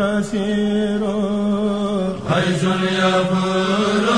تسير غيث يفر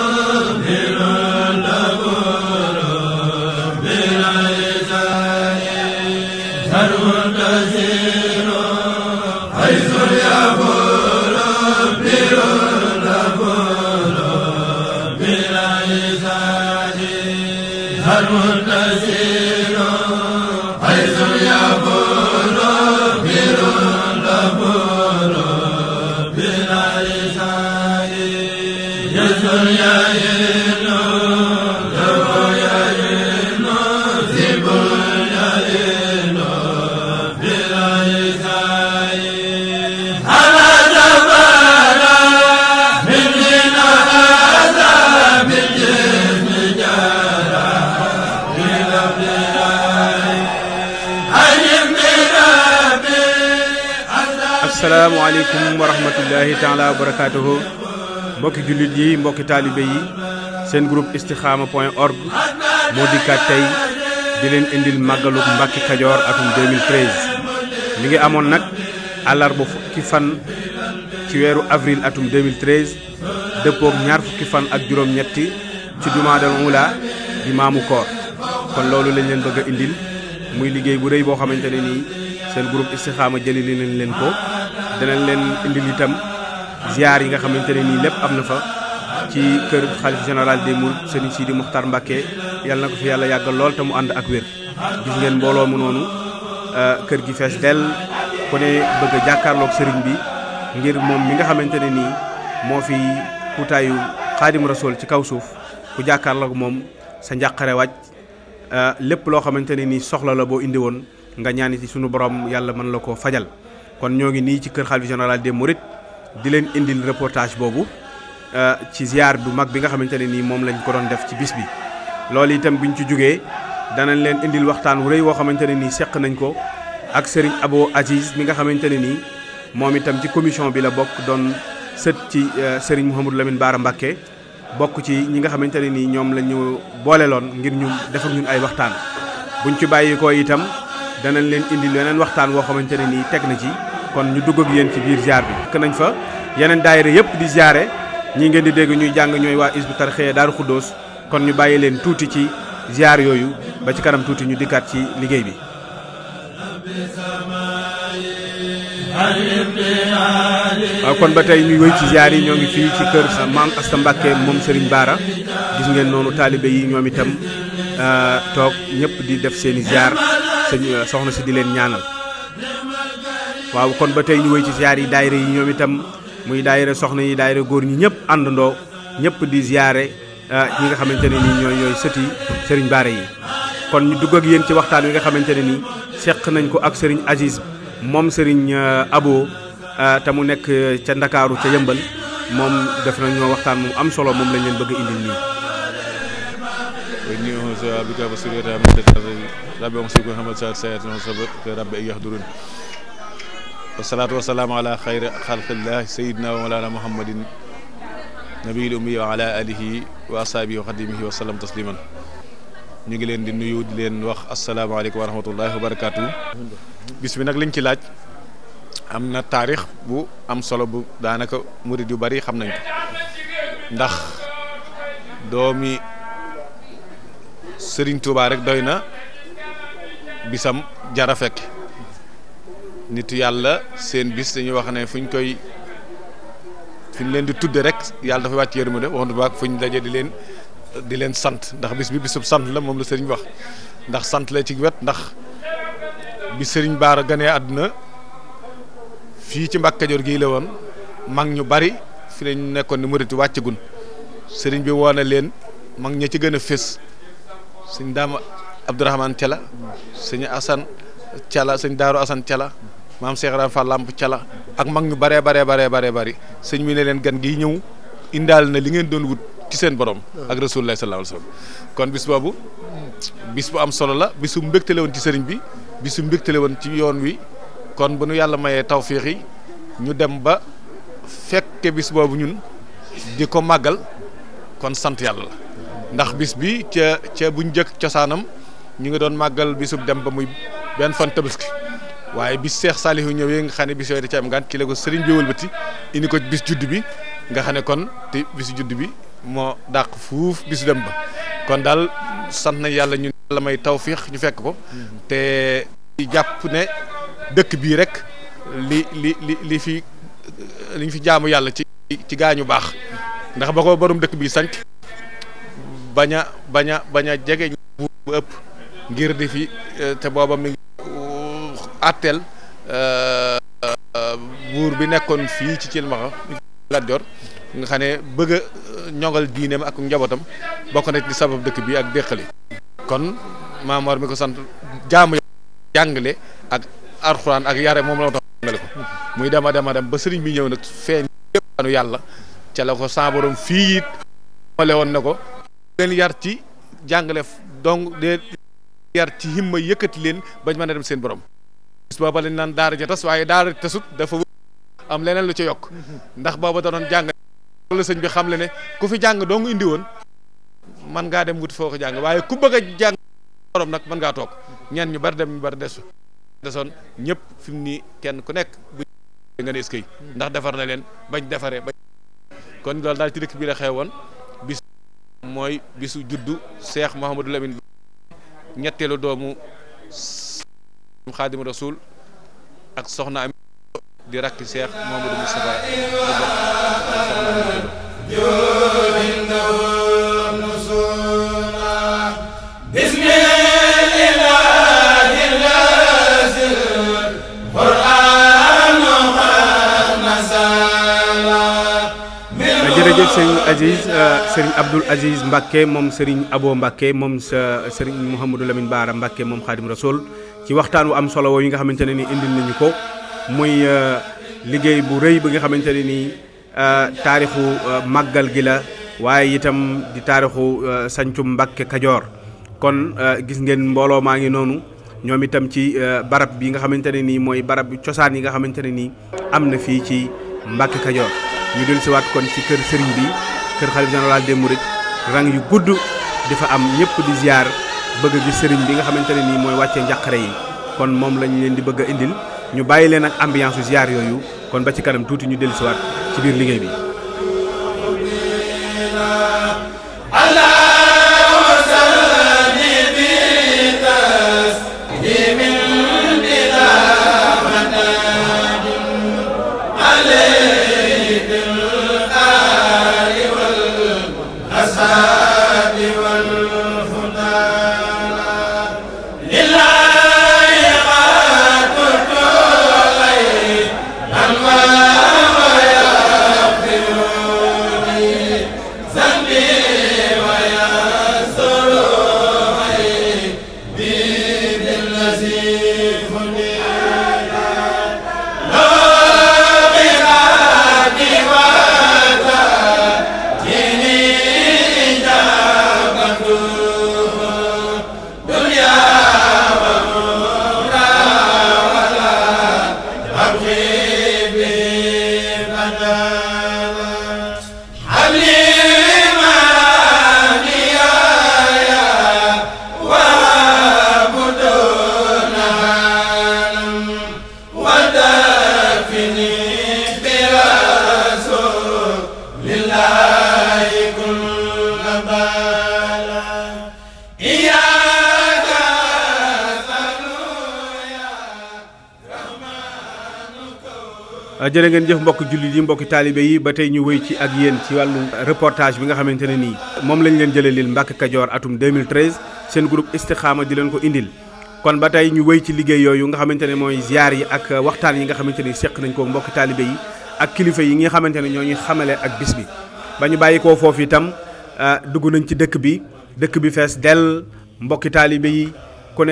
asalaamualeykum wa rahmatullahi taala wa barakaatuhu mbokki jullit yi mbokki taalibe yi seen groupe istikhama point org moo dikkaat tey di leen indil màggaluk Mbàkke Kajoor atum 2013 mi ngi amoon nag àllarba fukki fan ci weeru avril atum 2013 dëppoog ñaar fukki fan ak juróom-ñetti ci jumaadal ula di maamu koor kon loolu lañ leen bëgg a indil muy liggéey bu dey boo xamante ne nii seen groupe istixaama jëli li leen leen ko danañ leen indil itam ziar yi nga xamante ne nii lépp am na fa ci kër xalif général des Mourides sëriñ Sidi Mokhtar Mbacké yàlla na ko fi yàlla yàgg lool te mu ànd ak wér gis ngeen mbooloo mu noonu euh, kër gi fees dell ku ne bëgg a sëriñ bi ngir moom mi nga xamante ne nii moo fi kutaayu xaadim rasool ci kaw suuf ku jàkkaarlook moom sa njàqare wàcc euh, lépp loo xamante ne nii soxla la boo indi woon nga ñaan ci suñu borom yàlla mën la koo fajal kon ñoo ngi nii ci kër xalifa général des mourides di leen indil reportage boobu euh, ci ziar bu mag bi nga xamante ne nii moom lañ ko doon def ci bis bi loolu itam biñ ci jógee danañ leen indil waxtaan wu rëy woo xamante ne nii seq nañ ko ak Serigne Abo Aziz mi nga xamante ne nii moom itam ci commission bi la bokk doon sët ci euh, Serigne Mouhamadou lamin Bara Mbacké bokk ci ñi nga xamante ne nii ñoom lañu booleeloon ngir ñu def ñun ay waxtaan buñ ci bàyyi ko itam danañ leen indi leneen waxtaan woo xamante ne nii teg na ci kon ñu dugg ak yéen ci biir ziar bi. fekk nañ fa yeneen daayira yëpp di ziare ñi ngeen di dégg ñuy jàng ñooy waa Hizbut Tarqiyyah Daaru Xuddoos kon ñu bàyyi leen tuuti ci ziar yooyu ba ci kanam tuuti ñu dikkaat ci liggéey bi. waaw kon ba tey ñu wéy ci ziar yi ñoo ngi fii ci kër maam Asta Mbàkke moom sëriñ Baara gis ngeen noonu taalibe yi ñoom itam euh, toog ñëpp di def seeni i ziar. sëñ eh, soxna si di leen ñaanal waaw kon ba tey ñu wéy ci ziar yi daayira yi ñoom itam muy daayira soxna yi daayira góor ñi ñëpp àndandoo ñëpp di ziare yi eh, nga xamante ne nii ñooy ñooy sëti sëriñ Baare yi. kon ñu dugg ak yéen ci waxtaan wi nga xamante ne nii seq nañ ko ak sëriñ Aziz moom sëriñ eh, Abo te mu nekk ca Ndakaaru ca Yëmbal moom def nañu waxtaan mu am solo moom lañ leen bëgg a indil nii. وارزقها بك وسريتها من الذي ربي امسك محمد صلى الله عليه وسلم ربي اياه درون والصلاة والسلام على خير خلق الله سيدنا ومولانا محمد نبي الأمي وعلى آله وأصحابه وخدمه وسلم تسليما ñu ngi leen di nuyu di leen wax asalaamaaleykum wa rahmatullahi wa barakaatu. bis bi nag liñ ci laaj am na taarix bu am solo bu daanaka murid yu bari xam nañ ko ndax doomi sëriñ Touba rek doy na bisam jara fekk nitu yàlla seen bis dañuy wax ne fu ñu koy fu ñu leen di tudde rek yàlla dafa wàcc yërmande waxantu baak fu ñu daje di leen di leen sant ndax bis bi bisub sant la moom la sëriñ wax ndax sant la ci wet ndax bi sëriñ Baara ganee àdduna fii ci Mbàkke Kajoor gii la woon mag ñu bari fi lañ nekkoon ni murit wàccagun sëriñ bi woone leen mag ña ci gën a fés sëñ daama Abdourahmane Thiala sëñ Assane Thiala sëñ Daaru Assane Thiala maam Cheikh fa làmp Lamp Thiala ak mag ñu baree baree baree baree bari sëñ bi ne leen gan gi ñëw indaal na li ngeen doon wut ci seen borom. ak Rasulullah sallallahu alayhi wa kon bis boobu bis bu am solo la bisu mbégtale woon ci sëriñ bi bisu mbégtale woon ci yoon wi kon bu nu yàlla mayee tawfiix yi ñu dem ba fekke bis boobu ñun di ko màggal kon sant yàlla la. ndax bis bi ca ca buñ njëkk cosaanam ñu ngi doon màggal bisub dem ba muy benn fan tabaski waaye bis seex saalihu ñëwee nga xam ne bis yooyu da ci am ngaan ci la ko sëriñ bi wëlbati indi ko bis judd bi nga xam ne kon te bisu judd bi moo dàq fuuf bisu dem ba kon daal sant na yàlla ñun la may tawfiix ñu fekk ko te jàpp ne dëkk bii rek li li li li fi liñ fi jaamu yàlla ci ci gaañu baax ndax ba ko borom dëkk bii sanc bañ a bañ a bañ a jege bu ëpp ngir di fi eh, te booba mi ngi àtteel uh, eh, buur bi nekkoon fii ci Cilmaxa Lat Joor nga xam ne bëgg a eh, ñoŋal diineem ak njabootam bokk na ci sabab dëkk bi ak déqali kon maamoor mi ko sant jaamu jàngale ak arxuraan ak yare moom la ma tax muy dema dema dem ba sëriñ bi ñëw nag feeñ yëpp yàlla ca la fii it male woon na ko leen yar ci jàngale donc de yar ci himma yëkkati leen bañ mën a dem seen borom bis booba lañ naan daara ja tas waaye daara tasut dafa am leneen lu ci yokk ndax booba da jàng la sëñ bi xam le ne ku fi jàng dong indi woon man ngaa dem wuti foo jàng waaye ku bëgg a jàng borom nag mën ngaa toog ñan ñu bari dem ñu bari desu desoon ñëpp fi mu nii kenn ku nekk bu nga ne eskay ndax defar na leen bañ defaree bañ kon loolu daal ci dëkk bi la xewoon mooy bisu juddu seex Mouhamadul Amin ñetteelu doomu xaadimu rasul ak soxna Ami di rakki seex Mouhamadou Moustapha jërëjëf sëriñ Aziz euh, sëriñ Abdoul Aziz Mbacke moom sëriñ Abo Mbacke moom sa sëriñ Mouhamadou Lamine Baara Mbacke moom Xaadim Rasoul ci waxtaan wu am solo yi nga xamante ne ni indil nañu ko muy euh, liggéey bu rëy bi nga xamante ne ni euh, taarixu màggal gi la waaye itam di taarixu sancum Mbacke Kajoor kon gis ngeen mbooloo maa ngi noonu ñoom itam ci barab bi nga xamante ne nii mooy barab bi cosaan yi nga xamante ne nii am na fii ci Mbacke Kajoor. ñu dellusiwaat kon ci kër sëriñ bi kër xalif général des mourides rang yu gudd di fa am ñëpp di ziar bëgg gi sëriñ bi nga xamante ne nii mooy wàccee njàqare yi kon moom lañ leen di bëgg a indil ñu bàyyi leen ak ambiance su yooyu kon ba ci kanam tuuti ñu dellusiwaat ci biir liggéey bi la jërë ngeen jëf mbokk jullit yi mbokki taalibe yi ba tey ñu wéy ci ak yéen ci wàllu reportage bi nga xamante ne nii moom lañ leen jëlee lil Mbàkke Kajoor atum 2013 seen groupe Istikhama di leen ko indil kon ba tey ñu wéy ci liggéey yooyu nga xamante ne mooy ziar yi ak waxtaan yi nga xamante ni seq nañ ko mbokki taalibe yi ak kilifa yi nga xamante ne ñoo ñuy xamale ak bis bi ba ñu bàyyi koo foofu itam euh, dugg nañ ci dëkk bi dëkk bi fees dell mbokki taalibe yi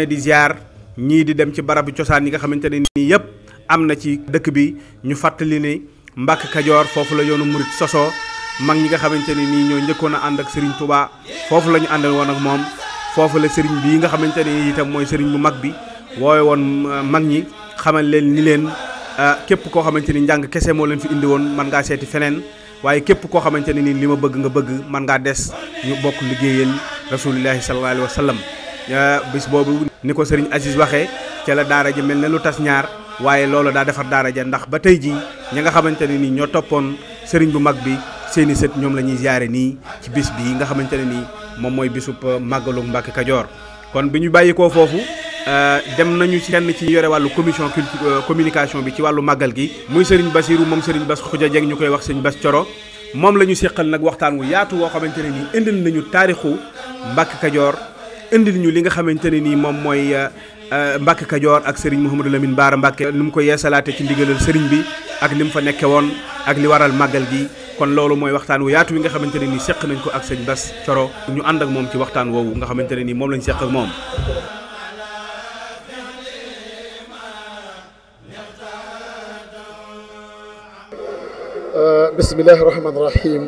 di ziar ñii di dem ci barabu cosaan yi nga xamante ne nii yëpp am na ci dëkk bi ñu fàttali ni Mbàkke Kajoor foofu la yoonu murit sosoo mag ñi nga xamante ni nii ñoo njëkkoon a ànd ak Serigne Touba foofu la ñu àndal woon ak moom foofu la Serigne bii nga xamante ni itam mooy Serigne bu mag bi woowe woon euh, mag ñi xamal leen ni leen euh, képp koo xamante ni njàng kese moo leen fi indi woon man ngaa seeti feneen waaye képp koo xamante ne ni li ma bëgg nga bëgg mën ngaa des ñu bokk liggéeyal rasulillahi sallallahu alayhi wa sallam euh, bis boobu ni ko Serigne Aziz waxee ca la daara ji lu tas ñaar. waaye loolu daa defar daara ja ndax ba tey jii ñi nga xamante ne nii ñoo toppoon sëriñ bu mag bi seeni sët ñoom la ñuy ziare nii ci bis bii nga xamante ne nii moom mooy bisub euh, màggalu Mbàkke Kajoor kon bi ñu bàyyikoo foofu euh, dem nañu ci kenn ci yore wàllu commission culture euh, communication bi ci wàllu màggal gi muy sëriñ Basiru moom sëriñ Bas Xuja Jeng ñu koy wax sëriñ Bas Coro moom la ñu seqal nag waxtaan yaatu woo xamante ne nii indil nañu taarixu Mbàkke Kajoor indil ñu li nga xamante ne nii moom mooy Euh, Mbacke Kajoor ak Serigne Mouhamadou Lamine Baara Mbacke ni mu ko yeesalaate ci ndigalal Serigne bi ak ni mu fa nekke woon ak li waral màggal gi kon loolu mooy waxtaan wu yaatu wi nga xamante ne nii seq nañ ko ak sëñ Bass Coro ñu ànd ak moom ci waxtaan woowu nga xamante ne nii moom lañ seq ak moom euh, bismillahi rahmaani rahim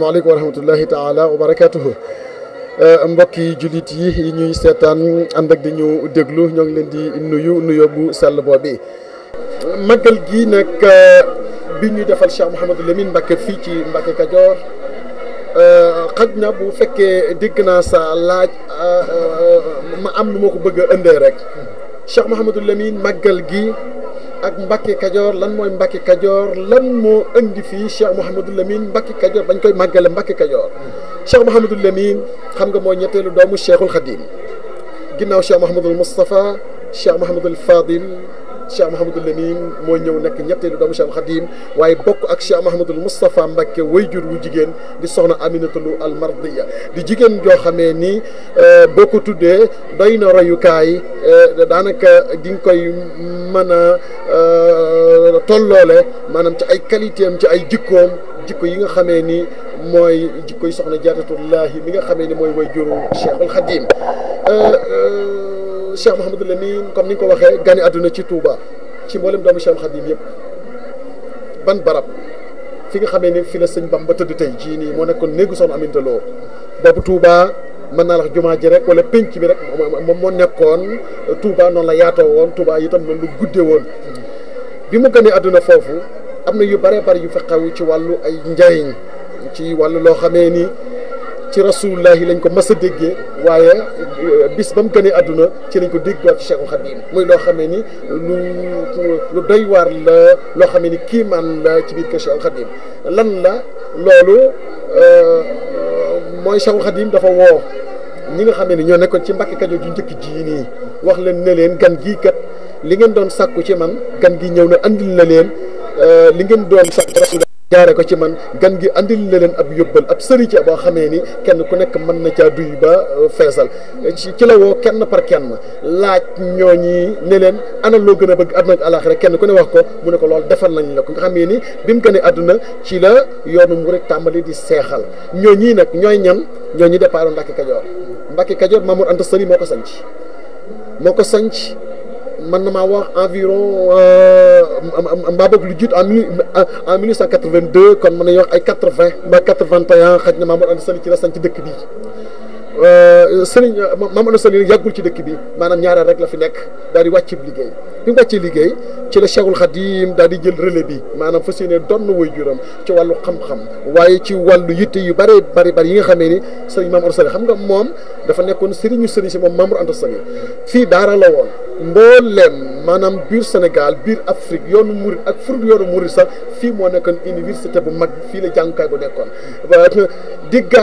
wa rahmatullahi Euh, mbokk yi jullit yi yi ñuy seetaan ànd ak di ñu déglu ñoo ngi leen di nuyu nuyoo bu sell boobi magal gi nag euh, bi ñuy defal Cheikh Mouhamadou Lamine Mbacke fii ci Mbacke Kajoor euh, xaj na bu fekkee dégg naa sa laaj ma am lu ma ko bëgg a ëndee rek Cheikh Mouhamadou Lamine màggal gi ak Mbacke Kajoor lan mooy Mbacke Kajoor lan moo indi fii Cheikh Mouhamadou Lamine mbakki Kajoor bañ koy màggale Mbacke Kajoor Cheikh Mouhamadul Lamine xam nga mooy ñetteelu doomu Cheikhul Khadim ginnaaw Cheikh Mouhamadul Moustapha Cheikh Mouhamadul Fadil Cheikh Mouhamadul Lamine moo ñëw nekk ñetteelu doomu Cheikhul Khadim waaye bokk ak Cheikh Mouhamadul Moustapha Mbacke jur wu jigéen di soxna Aminata Lô Al Mardiya di jigéen joo xamee ni euh, boo ko tuddee doy na royukaay euh, daanaka di nga koy mën a euh, tolloole maanaam ci ay qualité am ci ay jikkoom. jikko yi nga xamee ni mooy jikko yi soxna jaatatullahi mi nga xamee ni mooy way juru Cheikhul Khadim euh, euh, Cheikh Mouhamadul Amine comme ni nga ko waxee gane àdduna ci Touba ci mboolem doomu Cheikhul Khadim yëpp ban barab fi nga xamee ni fi la sëñ Bamba tëdd tey jii nii moo nekkoon néegu soxna Aminta Lo boobu Touba mën naa la jumaa ji rek wala penc bi rek moom moo nekkoon Touba noonu la yaatoo woon Touba itam noonu lu guddee woon bi mu ganee àdduna foofu. am na yu bare bari yu fa xew ci wàllu ay njariñ ci wàllu loo xamee ni ci rasulullahi lañ ko mas a déggee waaye euh, bis ba mu gënee àdduna ci lañ ko déggaat ci Cheikhul Khadim muy loo xamee ni lu lu doy waar la loo xamee ni kii la ci biir kër Cheikhul Khadim lan la loolu euh, mooy Cheikhul Khadim dafa woo ñi nga xamee ni ñoo nekkoon ci mbakki Kajoor ju njëkk ji nii wax leen ne leen gan gii kat li ngeen doon sàkku ci man gan gi ñëw na andil na leen Euh, li ngeen doon sant gaare ko ci man gan gi andil la leen ab yóbbal ab sëri ci boo xamee ni kenn ku nekk mën na caa duy ba euh, feesal ci la woo kenn par kenn laaj ñooñi ne leen ana loo gën a bëgg àdduna ak àllaaxira kenn ku ne wax ko mu ne ko loolu defal nañ la ko nga xamee ni bi mu gënee àdduna ci la yoonu mu murit tàmbali di seexal ñooñi nag ñooy ñan ñooñi départu mbaki Kajoor mbaki Kajoor Mamour Anta Sëri moo ko sanc moo ko sanc man na maa wax environ euh, mbaa boog lu jiit en mille en mille cent quatre vingt deux mën nañu wax ay quatre vingt ba quatre vingt et un xaj na Mamadou Anta Sali ci la sañ ci dëkk bi euh, sëriñ Mamadou Anta Sali yàggul ci dëkk bi maanaam ñaareel rek la fi nekk daadi di wàcc liggéey bi mu wàccee liggéey ci la Cheikhul Khadim daal di jël relais bi maanaam fas yéene donn woy juram ci wàllu xam-xam waaye ci wàllu yitte yu bare bari bari yi nga xamee ni sëriñ Mamadou Anta Sali xam nga moom dafa nekkoon sëriñu sëriñ si moom Mamadou Anta Sali fii daara la woon mbooleem maanaam biir Sénégal biir Afrique yoonu Mouride ak fur yoonu Mouride sax fii moo nekkoon université bu mag fii la jàngukaay bu nekkoon digga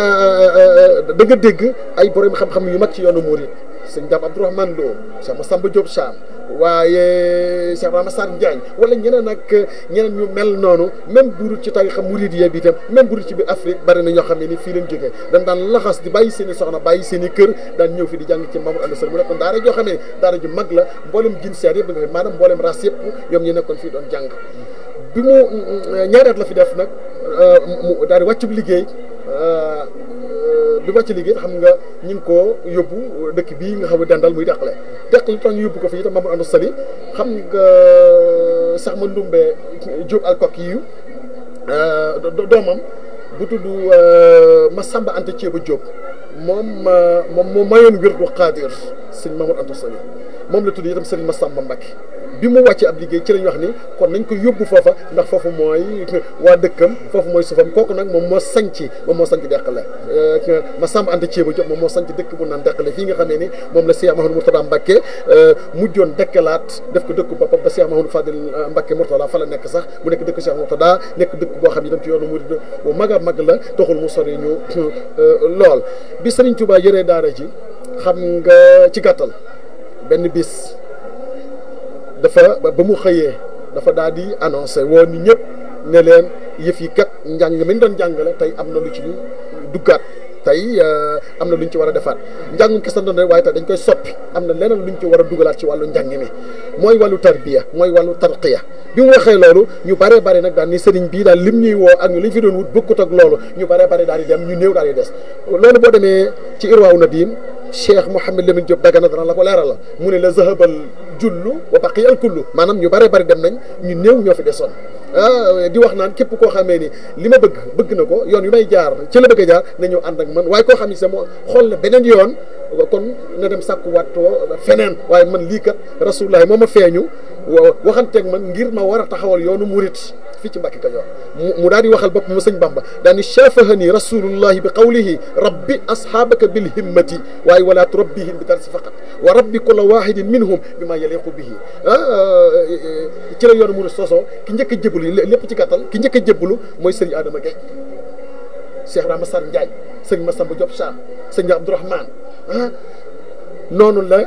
da dégg ay borom xam-xam yu mag ci yoonu Mouride sëñ Dame Abdourahmane Lo Cheikh Massamba Diop saam waaye Cheikh Rama Sar Diagne wala ñeneen ak ñeneen ñu mel noonu même burut ci tarixa muridiyya bi itam même burut ci biir Afrique bari na ñoo xam ne ni fii lañ jógee dañ daan laxas di bàyyi seen i soxna bàyyi seen i kër daan ñëw fi di jàng ci Mamadou Anda Sall mu nekkoon daara joo xam ne daara ju mag la mboolem jinseer yëpp maanaam mboolem race yëpp ñoom ñu nekkoon fii doon jàng bi mu ñaari at la fi def nag mu euh, daal wàcc wàcc liggéey euh, euh, bi wàcc liggéey xam nga ñu ngi koo yóbbu dëkk bii nga xam ne dendal muy deqale deqale tax ñu yóbbu ko fi itam Mamadou Ando Sali xam nga sax ma ndumbe Diop ak kokk yi doomam bu tudd Massamba Anta Ceeba Diop moom moom moo mayoon wér du xaadir sëñ Mamadou Ando Sali moom la tudd itam sëriñ Massamba Mbacke bi mu wàccee ab liggéey ci lañ wax ni kon nañ ko yóbbu foofa ndax foofu mooy waa dëkkam foofu mooy suufam kooku nag moom moo sanc moom moo sanc la euh, ma sàmb ànd ceeba jox moom moo sanc dëkk bu naan deqale fii nga xam ne ni moom la Cheikh Mahamadou a Mbacké euh, mujjoon dekkalaat def ko dëkk boppam ba Cheikh Mahamadou Fadil euh, Mbacké Mourtada fa la nekk sax mu nekk dëkk Cheikh Mourtada nekk dëkk boo xam ne dañ ci yoonu murid bu mag a mag la taxul mu sori ñu lool bi Serigne Touba yëree daara ji xam nga ci gàttal benn bis dafa ba mu xëyee dafa daal di annoncé woon ni ñëpp ne leen yëf yi kat njàng mi ñu doon jàngale tey am na lu ci ñu duggaat tey euh, am na lu ñu ci war a defaat njàngum kese doon rek waaye tey dañ koy soppi am na leneen lu ñu ci war a dugalaat ci wàllu njàng mi mooy wàllu tarbiya mooy wàllu tarqiya bi mu waxee loolu ñu baree bari nag daal ni sëriñ bi daal lim ñuy woo ak ñu li fi doon wut bokkut ak loolu ñu baree bari daal di dem ñu néew daal di des loolu boo demee ci irwaaw na diin cheikh Mouhamed Lamine Diop Dagana dana la ko la mu ne la zahabal jullu wa baqiya al kullu maanaam ñu bare bari dem nañ ñu néew ñoo fi desoon ah di wax naan képp koo xamee ni li ma bëgg bëgg na ko yoon yu may jaar ci la bëgg jaar na ñëw ànd ak man waaye koo xam ne sa moo xool la beneen yoon kon na dem sàkkuwaat feneen waaye man lii kat rasulullahi moom ma feeñu waxanteeg man ngir ma war a taxawal yoonu murit fii ci Mbàkke Kajoor mu mu daal di waxal bopp mu sëñ Bamba daal ni shaafahani rasulullahi bi qawlihi rabbi asxaabaka bil himmati waaye wala turabbihim bi darsi faqat wa rabbi kulla wahidin minhum bi ma bihi ah, eh, ci la yoonu mu soosoo ki njëkk a jébbalu lépp ci gàttal ki njëkk a mooy sëriñ Adama Gueye Cheikh Rama Sar Ndiaye sëriñ Massamba Diop Sarr sëriñ Abdourahmane ah noonu la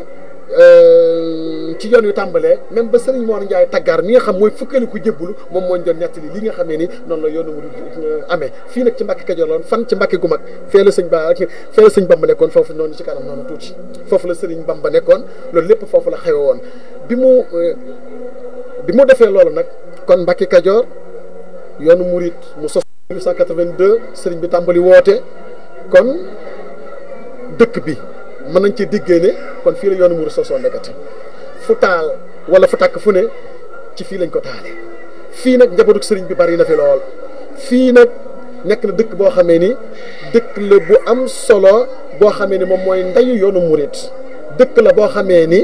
eh, ci yoon yu tàmbalee même ba Serigne Mor Ndiaye taggaar mi nga xam mooy fukkali ku jébbalu moom moo ñu doon nettali li nga xamee ni noonu la yoonu murid euh, amee fii nag ci Mbàkke Kajoor fan ci Mbàkke gu mag fee la sëñ ba fee la sëñ Bamba nekkoon foofu noonu ci kanam noonu tuuti foofu la nekkoon loolu lépp foofu la xewe woon bi mu euh, bi mu defee loolu nag kon mbaki Kajoor yoonu murid mu sos 1882 Serigne bi tàmbali woote kon dëkk bi mën nañ ci diggee ne kon fii la yoonu murid sosoon nekkati fu taal wala fu tàkk fu ne ci fii lañ ko taale fii nag njabootu sëriñ bi bari na fi lool fii nag nekk na dëkk boo xamee ni dëkk la bu am solo boo xamee ni moom mooy ndeyu yoonu murit dëkk la boo xamee ni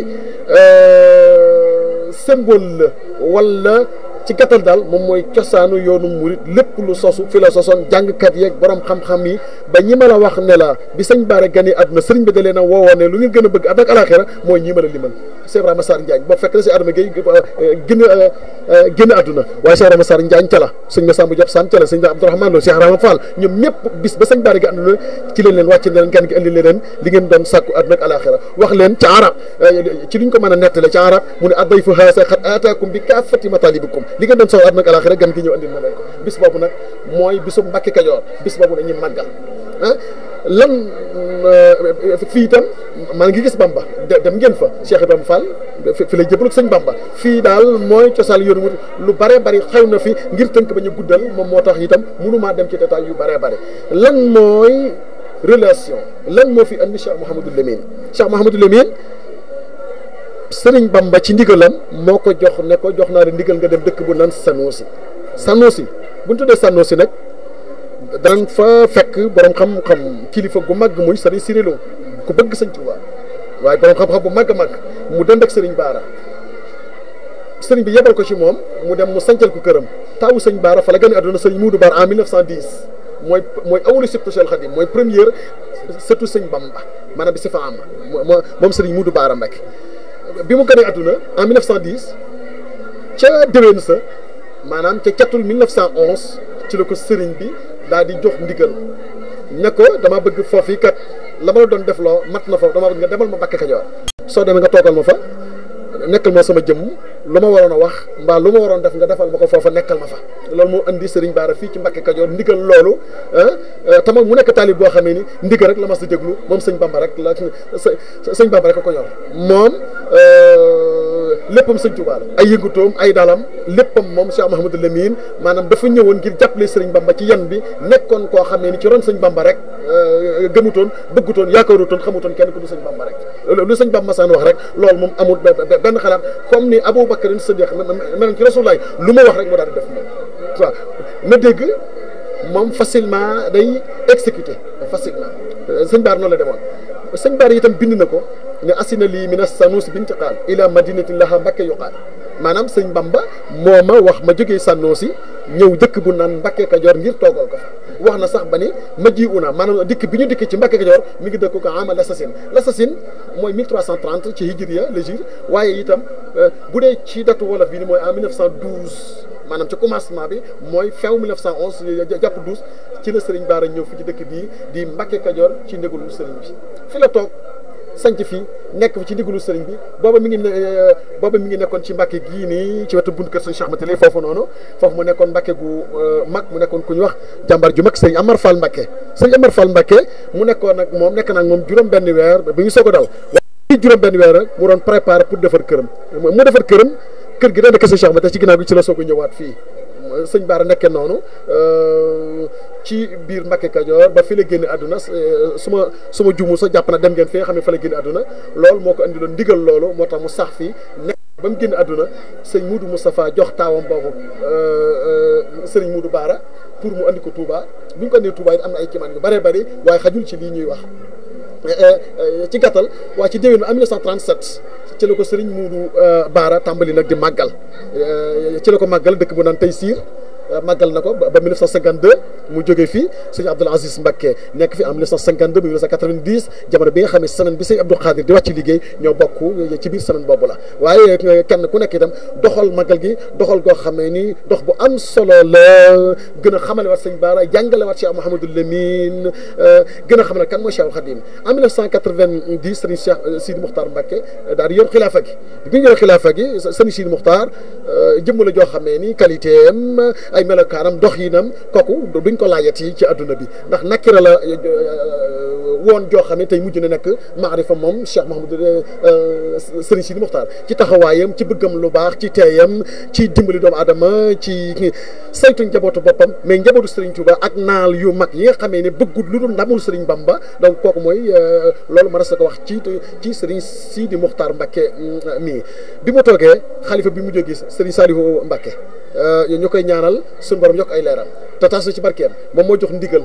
euh, symbole la wala ci gàttal daal moom mooy cosaanu yoonu murit lépp lu sosu fi la sosoon jàngkat yeeg borom xam-xam yi ba ñi ma la wax ne la bi sëñ Bara gane àdduna sëriñ bi da leen a ne lu ngeen gën a bëgg àdduna ak alaaxira mooy ñi ma limal Cheikh Rama Njaañ boobu fekk na si Adama Gueye gën a euh, euh, euh, gën a àdduna waaye Cheikh la sëñ Massamba Diop Sam ca la sëñ Abdourahmane Lo Cheikh Rama Fall ñoom ñëpp bis ba sëñ Bara gi àdduna ci leen leen wàcc ne leen gan gi indi leen li ngeen doon sàkku àdduna ak wax leen ca a nettale li nga doon sow àdduna ak rek gan gi ñëw andil na leen ko bis boobu nag mooy bisu Mbàkke Kajoor bis boobu dañuy màggal ah lan euh, fii itam maa ngi gis Bamba dem ngeen fa Cheikh Ibrahima Fall fi lay jëbal ak sëñ Bamba fii daal mooy cosaan yoon wut lu bare bari xew na fi ngir tënk ba ñu guddal moom moo tax itam mënumaa dem ci détail yu bare bari lan mooy relation lan moo fi andi Cheikh Mouhamadou Lamine Cheikh Mouhamadou Lamine sëriñ Bamba ci ndigalam moo ko jox ne ko jox naa ne ndigal nga dem dëkk bu nan Sanosi si bu dee tuddee si nag daan fa fekk borom xam-xam kilifa gu mag muy sëriñ Sirilo ku bëgg sëñ Tuubaa waaye borom xam-xam bu mag a mag mu dënd ak sëriñ Baara sëriñ bi yebal ko ci moom mu dem mu sancal ko këram taawu sëñ Baara fa la gën a àdduna sëriñ Muudu Baara en diis mooy mooy awlu sibtu Seex Xaadim mooy première sëtu sëñ Bamba maanaam bi si fa am moom sëriñ Muudu Baara Mbàkke bi mu gënee àdduna en 1910 ca déwén sa maanaam ca catul 1911 ci la ko sëriñ bi daal di jox ndigal ne dama bëgg foofu yi kat la ma la doon def loo mat na foofu dama bëgg nga demal ma Mbàkke Kajoor soo demee nga toogal ma fa nekkal ma sama jëm lu ma waroon a wax mbaa lu ma waroon def nga defal ma ko foofa nekkal ma fa loolu moo indi Serigne Bara fii ci Mbacke Kajoor ndigal loolu ah, ah, tamit mu nekk taalib boo xamee ni ndigal rek la mas a déglu moom sëñ Bamba rek la sëñ Bamba rek a ko ñor moom euh, léppam sëñ Tuubaa la ay yëngutoom ay dalam léppam moom Cheikh Mahamadou Lamine maanaam dafa ñëwoon ngir jàppale Serigne Bamba ci yan bi nekkoon koo xamee ni ci ron sëñ Bamba rek euh, gëmutoon bëggutoon yaakaarutoon xamutoon kenn ku du sëñ Bamba rek lu benn xalaat comme ni Aboubacar Sadiq mel ci Rasulullah lu ma wax rek mu daal di def moom waaw na dégg moom facilement day exécuté facilement sëñ Baar noonu la demoon. sëñ Bara itam bind na ko ne asina lii min sanus bintiqaal ila madinati laha mbakke yuqaal maanaam sëñ Bamba moo ma wax ma jógee sànnoosi ñëw dëkk bu naan mbakke kajoor ngir toogal ko fa wax na sax ba ni ma ji una maanaam dikk bi ñu dikk ci mbakke kajoor mi ngi dëkk ko ama l'assassin l'assassin mooy 1330 ci hijriya légir waaye itam euh, bu dee ci datu wolof bi ni mooy en 1912 maanaam ci commencement bi mooy feew 1911 jàpp 12 ci la Serigne Bara ñëw fi ci dëkk bii di Mbacke Kajoor ci ndigalu Serigne bi fi la toog sanc fii nekk fi ci ndigalu Serigne bi booba mi ngi ne euh, booba mi ngi nekkoon ci Mbacke gii nii ci wetu buntu kër Serigne Cheikh Matale foofu noonu foofu mu nekkoon Mbacke gu euh, mag mu nekkoon ku ñuy wax jàmbar ju mag Serigne Amar Fall Mbacke Serigne Amar Fall Mbacke mu nekkoon ak moom nekk naag moom juróom benn weer bi ñu soog a daw waaye juróom benn weer rek mu doon préparé pour defar këram mu defar këram kër gi daanaka Serigne Cheikh Matale ci ginnaaw gi ci la soog a ñëwaat fii sëñ Baara nekkee noonu euh, ci biir Mbacké Kajoor ba fi la génne àdduna euh, su ma su ma jumu sa jàpp na dem ngeen fi nga xam ne fa la génne àdduna loolu moo ko indiloon ndigal loolu moo tax mu sax fii nekk ba mu génn àdduna sëñ Moudou Moustapha jox taawam boobu euh, sëriñ Moudou Baara pour mu indi ko Touba bu ñu ko andee Touba it am na ay kiimaan yu bëree bëri waaye xajul ci lii ñuy wax ci gàttal waa ci déwén am 1937. ci la ko sëriñ Muudu euh, Baara tàmbali nag di màggal euh, ci la ko màggal dëkk bu naan Taysiir màggal na ko ba 1952 mu jógee fii sëñ Abdoul Aziz Mbacké nekk fi en 1952 ba 1990 jamono bi bi sëñ Abdou Khadir di wax ci liggéey ñoo bokk ci biir semaine boobu la waaye kenn ku nekk itam doxal gi doxal goo xam ne nii dox bu am solo la gën a xamale waat sëñ Baara jàngale waat Cheikh Mouhamadou Lamine euh, gën a xamal kan mooy Cheikh Khadim en 1990 kan Cheikh euh, Sidi Moukhtar Mbacké euh, daal di yor xilaafa gi bi ñu yor xilaafa gi sëriñ Sidi Moukhtar jëmm la joo xam ne nii qualité am ay melokaanam dox yi nam kooku duñ ko laajati ci adduna bi ndax nakira la euh, euh, woon joo xam ne tey mujj na nekk maarifa moom Cheikh Mahamadou euh, Serigne Sidi Mokhtar ci taxawaayam ci bëggam lu baax ci teeyam ci dimbali doomu aadama ci saytu njabootu boppam mais njabootu Serigne Touba ak naal yu mag yi nga xamee ne bëggul lu ndamul Serigne Bamba donc kooku mooy loolu ma rasa ko wax ci ci Serigne Sidi Mokhtar Mbacké mm, mii bi mu toogee xalifa bi mu jógee Serigne Saliou Mbacké Euh, ñu koy ñaanal suñ borom yokk ay leeral te taas na ci barkeem moom moo jox ndigal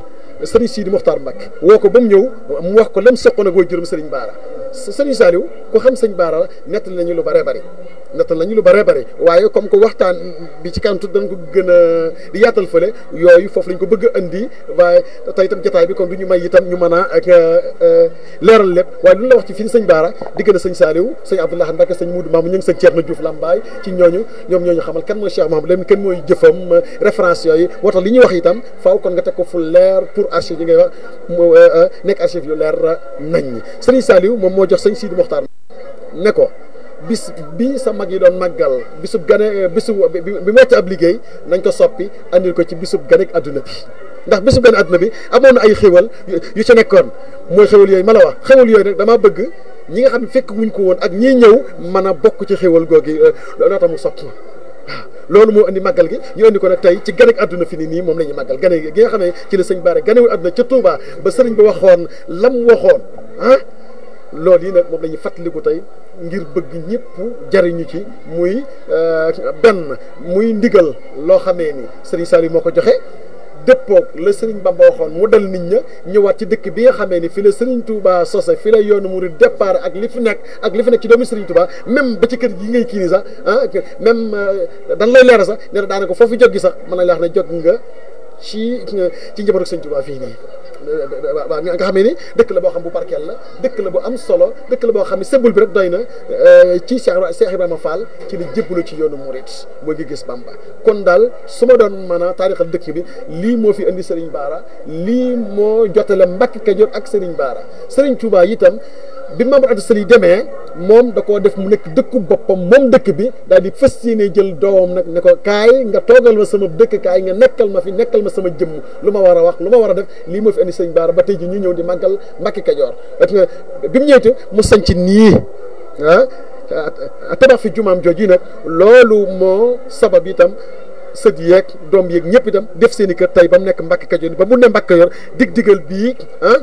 sëriñ Sidi Mokhtar Mbacke woo ko ba mu ñëw mu wax ko lam soqoon ak way juróom sëriñ Baara sëriñ Saliou ku xam sëñ Baara la nett nañu lu bare bari nett bare waaye comme que waxtaan bi ci kanam dañ ko gën a di yaatal fële yooyu foofu lañ ko bëgg a indi waaye tey itam jotaay bi kon du ñu may itam ñu mën a ak euh, euh, leeral lépp waaye lu la wax ci fi sañ Baara diggante sëñ Saliou sëñ Abdoulaye Mbacke sëñ Moudou Mamoun ñu ngi sëñ Thierno Diouf Lambaye ci ñooñu ñoom ñooñu xamal kan mooy Cheikh Mahamadou Lamine kenn mooy jëfam euh, référence yooyu moo tax li ñuy wax itam faaw kon nga teg ko fu leer pour archive yi ngay wax nekk archive yu leer nañ sëriñ moo jox sëñ Sidi Mokhtar ne ko bis bi sa mag yi doon màggal bisub gane bisub bi metti ab liggéey nañ ko soppi andil ko ci bisub ganek adduna bi ndax bisub gane adduna bi amoon na ay xéwal yu ci nekkoon mooy xéwal yooyu ma la wax xéwal yooyu nag damaa bëgg ñi nga xam ne fekk wuñ ko woon ak ñiy ñëw mën a bokk ci xéwal googi euh, loo tax mu soppi loolu moo indi màggal gi ñu indi ko nag tey ci ganek adduna fi ni nii moom la ñuy màggal gane gi nga xam ne ci la sëñ Bara ganewul adduna ca Touba ba sëriñ bi waxoon lam waxoon ah loolu yi nag moom la ñuy fàttaliku tey ngir bëgg ñëpp jariñu ci muy euh, benn muy ndigal loo xamee ni Serigne Saliou moo ko joxe dëppoog la Serigne Bamba xoon mu dal nit ña ñëwaat ci dëkk bi nga xamee ni fi la Serigne Touba sose fi la yoonu mu di départ ak li fi nekk ak li fi nekk ci doomu Serigne Touba même ba ci kër gi ngay kii nii sax ah même euh, dan lay leer sax nee na daanaka foofu joggi sax mën nañ la wax ne jog nga ci ci njabootu Serigne Touba fii nii. waaw nga xam ne ni dëkk la boo xam bu barkeel la dëkk la bu am solo dëkk la boo xam ne sëbul bi rek doy na euh, ci Cheikh Ibrahima Fall ci la jébbalu ci yoonu Mouride mooy gi gis Bamba kon daal su ma doon mën a taarixal dëkk bi lii moo fi indi Serigne baara lii moo jotale mbakk Kajoor ak sëriñ Bara Serigne Touba itam bi membre artistes yi demee moom da koo mu nekk dëkku boppam moom dëkk bi daal di fas yéene jël doomam nag ne ko kaay nga toogal ma sama dëkk kaay nekkal ma fi nekkal ma sama jëmm lu ma war a wax lu ma war a def lii moo fi indi sëñ Baara ba tey ji ñu ñëw di màggal Mbàkke Kajoor bi mu ñëwee mu sanc nii ah, ah tabax fi jumaam jooju nag loolu moo sabab itam sët yeeg doom yeeg ñëpp itam def seeni i kër tey ba mu nekk Mbàkke Kajoor ba mu ne Mbàkke Kajoor dig digal bii ah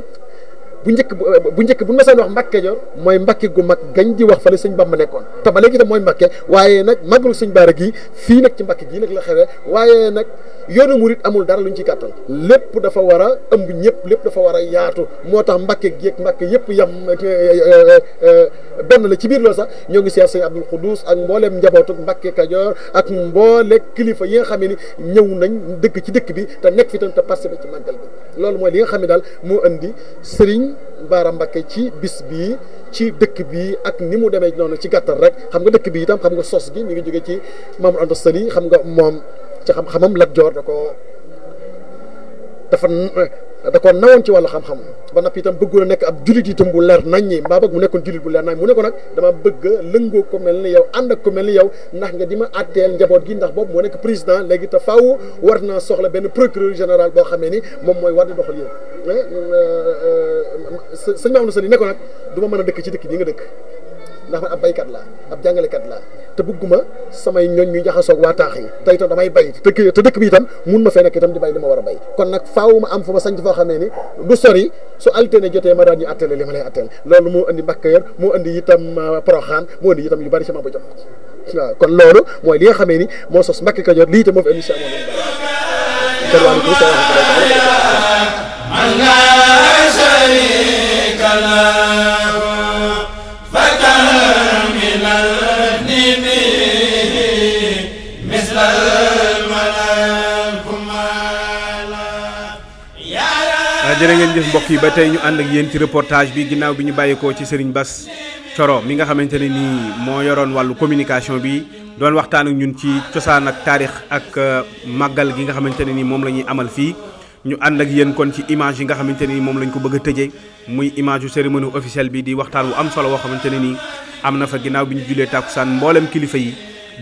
bu njëkk bu euh, njëkk bu masaan wax Mbàkke Kajoor mooy Mbàkke gu mag gañ di wax fa la sëñ Bamba nekkoon te ba léegi tam mooy Mbàkke waaye nag màggalu sëñ Baara gii fii nag ci Mbàkke gii nag la xewee waaye nag yoonu murit amul dara luñ ci gàttal lépp dafa war a ëmb ñëpp lépp dafa war a yaatu moo tax mbàkke géeg mbàkke yëpp yam eh, eh, eh, benn la ci biir loolu sax ñoo ngi seet sëñ Abdul Xuduus ak mbooleem njabootu mbàkke Kajoor ak mboole kilifa yi nga xam ne ñëw nañ dëkk ci dëkk bi te nekk fi tam te participer ci màggal bi loolu mooy li nga xam ne daal moo indi sëriñ Baara Mbàkke ci bis bi ci dëkk bi ak ni mu demee noonu ci gàttal rek xam nga dëkk bi itam xam nga soos bi mi ngi jóge ci Maam Anta Sali xam nga moom ci xam-xamam Lat Joor da koo dafa da koo nawoon ci wàllu xam-xam ba nappi itam bëggul a nekk ab jullit itam bu leer nañ ñi mbaa bëgg mu nekkoon jullit bu leer nañ mu ne ko nag dama bëgg lëngoo ko mel ni yow ànd ak ko mel ni yow ndax nga di ma àtteel njaboot gi ndax boobu moo nekk président léegi te faw war naa soxla benn procureur général boo xamee ni moom mooy war di doxal yow mais eh, eh, eh, sëñ Maodo Sall yi ne ko nag du mën a dëkk ci dëkk bii nga dëkk ndax man baykat laa ab jàngalekat laa te bëgguma samay ñoñ ñu jaxasoog waa taax yi tey itam damay bay te te dëkk bi itam mun ma fee nekk itam di bay li ma war a bay kon nag faaw ma am fa ma sanc foo xamee ni du sori su altine jotee ma daan ñu attale li ma lay attale loolu moo indi mbakkayor moo indi itam euh, proxaan moo indi itam yu bari ci ma ba jox waaw kon loolu mooy li nga xamee ni moo sos Mbàkke Kajoor lii te moo fi indi si amoon nañu bari jërë ngeen jëf mbokk yi ba tey ñu ànd ak yéen ci reportage bi ginnaaw bi ñu bàyyeekoo ci Serigne bas Coro mi nga xamante ne nii moo yoroon wàllu communication bi doon waxtaan ak ñun ci cosaan ak taarix ak euh, màggal gi nga xamante ne nii moom la ñuy amal fii. ñu ànd ak yéen kon ci image yi nga xamante ne nii moom lañ ko bëgg a tëjee muy image yu cérémonie officielle bi di waxtaan wu am solo woo xamante ne nii am na fa ginnaaw bi ñu jullee tàkkusaan mboolem kilifa yi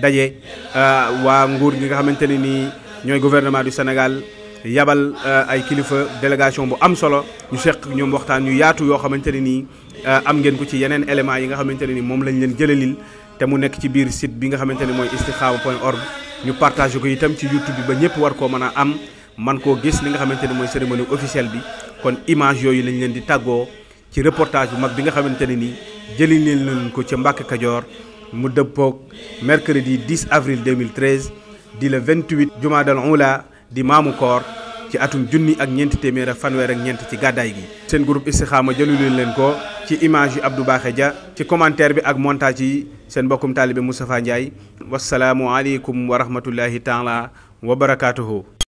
daje euh, waa nguur gi nga xamante ne nii ñooy gouvernement du Sénégal. yabal euh, ay kilifa délégation bu am solo ñu seq ñoom waxtaan ñu yaatu yoo xamante ne nii euh, am ngeen ko ci yeneen éléments yi nga xamante ne nii moom lañ leen jëlalil te mu nekk ci biir site bi nga xamante ne mooy istikhama point org ñu partagé ko itam ci youtube bi ba ñëpp war koo mën a am man koo gis li nga xamante ne mooy cérémonie officielle bi kon image yooyu lañ leen di tàggoo ci reportage bu mag bi nga xamante ne nii jëli leen leen ko ca Mbàkke Kajoor mu dëppoog mercredi 10 avril 2013 di le 28 jumaadal ula di maamu koor ci atum junni ak ñeenti téeméer ak fanweer ak ñeent ci gàddaay gi seen groupe Istikhama jëluleen leen ko ci image yu Abdou Baaxe ja ci commentaire bi ak montage yi seen mbokkum taalibe Moustapha Ndiaye wasalaamu aleykum wa rahmatullahi taala wa barakaatuhu